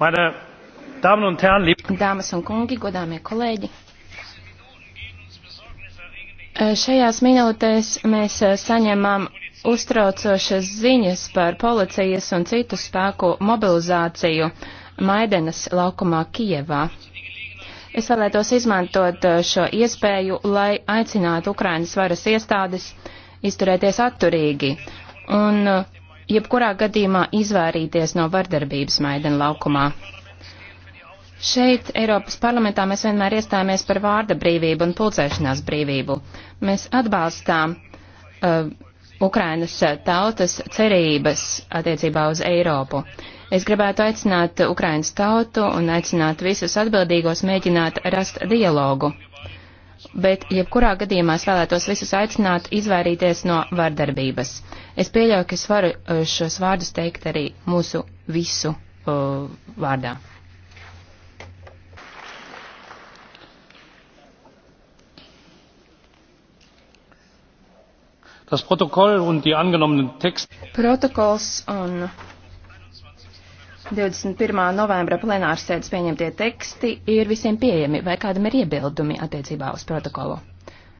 Meine Damen und Herren, liebe Dāmas un kungi, godāmie kolēģi! Eh, šajās minūtēs mēs eh, saņemam uztraucošas ziņas par policijas un citu spēku mobilizāciju Maidenas laukumā Kijevā. Es vēlētos izmantot eh, šo iespēju, lai aicinātu Ukrainas varas iestādes izturēties atturīgi un jebkurā gadījumā izvairīties no vardarbības Maidana laukumā. Šeit, Eiropas parlamentā, mēs vienmēr iestājāmies par vārda brīvību un pulcēšanās brīvību. Mēs atbalstām uh, Ukrainas tautas cerības attiecībā uz Eiropu. Es gribētu aicināt Ukrainas tautu un aicināt visus atbildīgos mēģināt rast dialogu bet jebkurā gadījumā es vēlētos visus aicināt izvairīties no vardarbības. Es pieļauju, ka es varu uh, šos vārdus teikt arī mūsu visu uh, vārdā. Tas protokoll un die angenommenen tekst. Protokols un 21. novembra plenārsēdes pieņemtie teksti ir visiem pieejami, vai kādam ir iebildumi attiecībā uz protokolu?